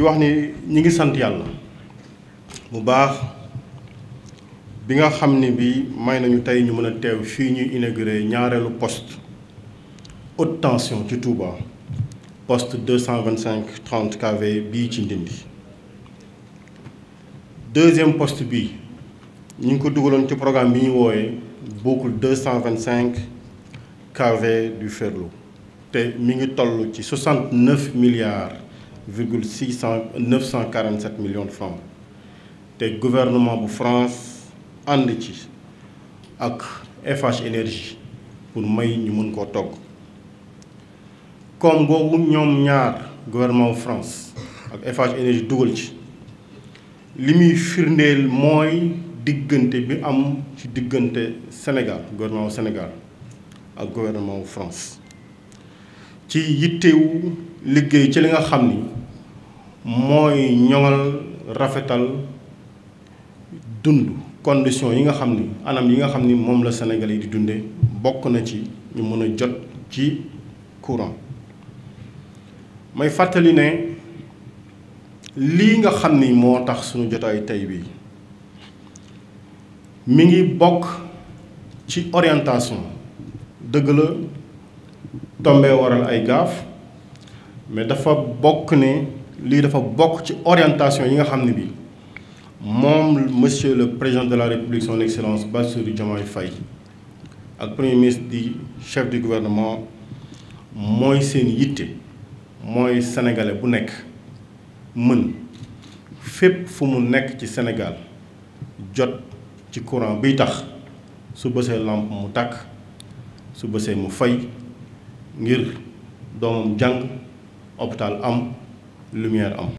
di wax ni ñi ngi sant yàlla bu baax bi nga xam ni bi may nañu tey ñu mën a teew fii ñuy inauguré ñaareelu poste haute tension ci Touba poste 225 30 kV bii ci Ndindi deuxième poste bii ñu ngi ko dugaloon ci programme bi ñu wooyee boucle 225 kV du Ferlo te mi ngi toll ci 69 milliards virgule six cent cent quarante sept millions de francs te gouvernement bu France ànd ci ak FH énergie pour may ñu mën koo togg comme googu ñoom ñaar gouvernement bu France ak FH énergie dugal ci li muy firndeel mooy diggante bi am ci diggante Sénégal gouvernement bu Sénégal ak gouvernement bu France ci yittewu liggéey ci li nga xam ni mooy ñoŋal rafetal dund condition yi nga xam ni anam yi nga xam ni moom la Sénégal yi di dunde bokk na ci ñu mën a jot ci courant mooy fàttali ne lii nga xam ni moo tax suñu jotaay tey bi mi ngi bokk ci orientation dëgg la tombee waral ay gaaf mais dafa bokk ne lii dafa bokk ci orientation yi nga xam ne bi moom monsieur le président de la république son excellence Bassirou Diomaye Faye ak premier ministre di chef du gouvernement mooy seen yitte mooy sénégalais bu nekk mën fépp fu mu nekk ci Sénégal jot ci courant bi tax su bësee lampe mu takk su bësee mu fay ngir doomam jàng hôpital am lumière am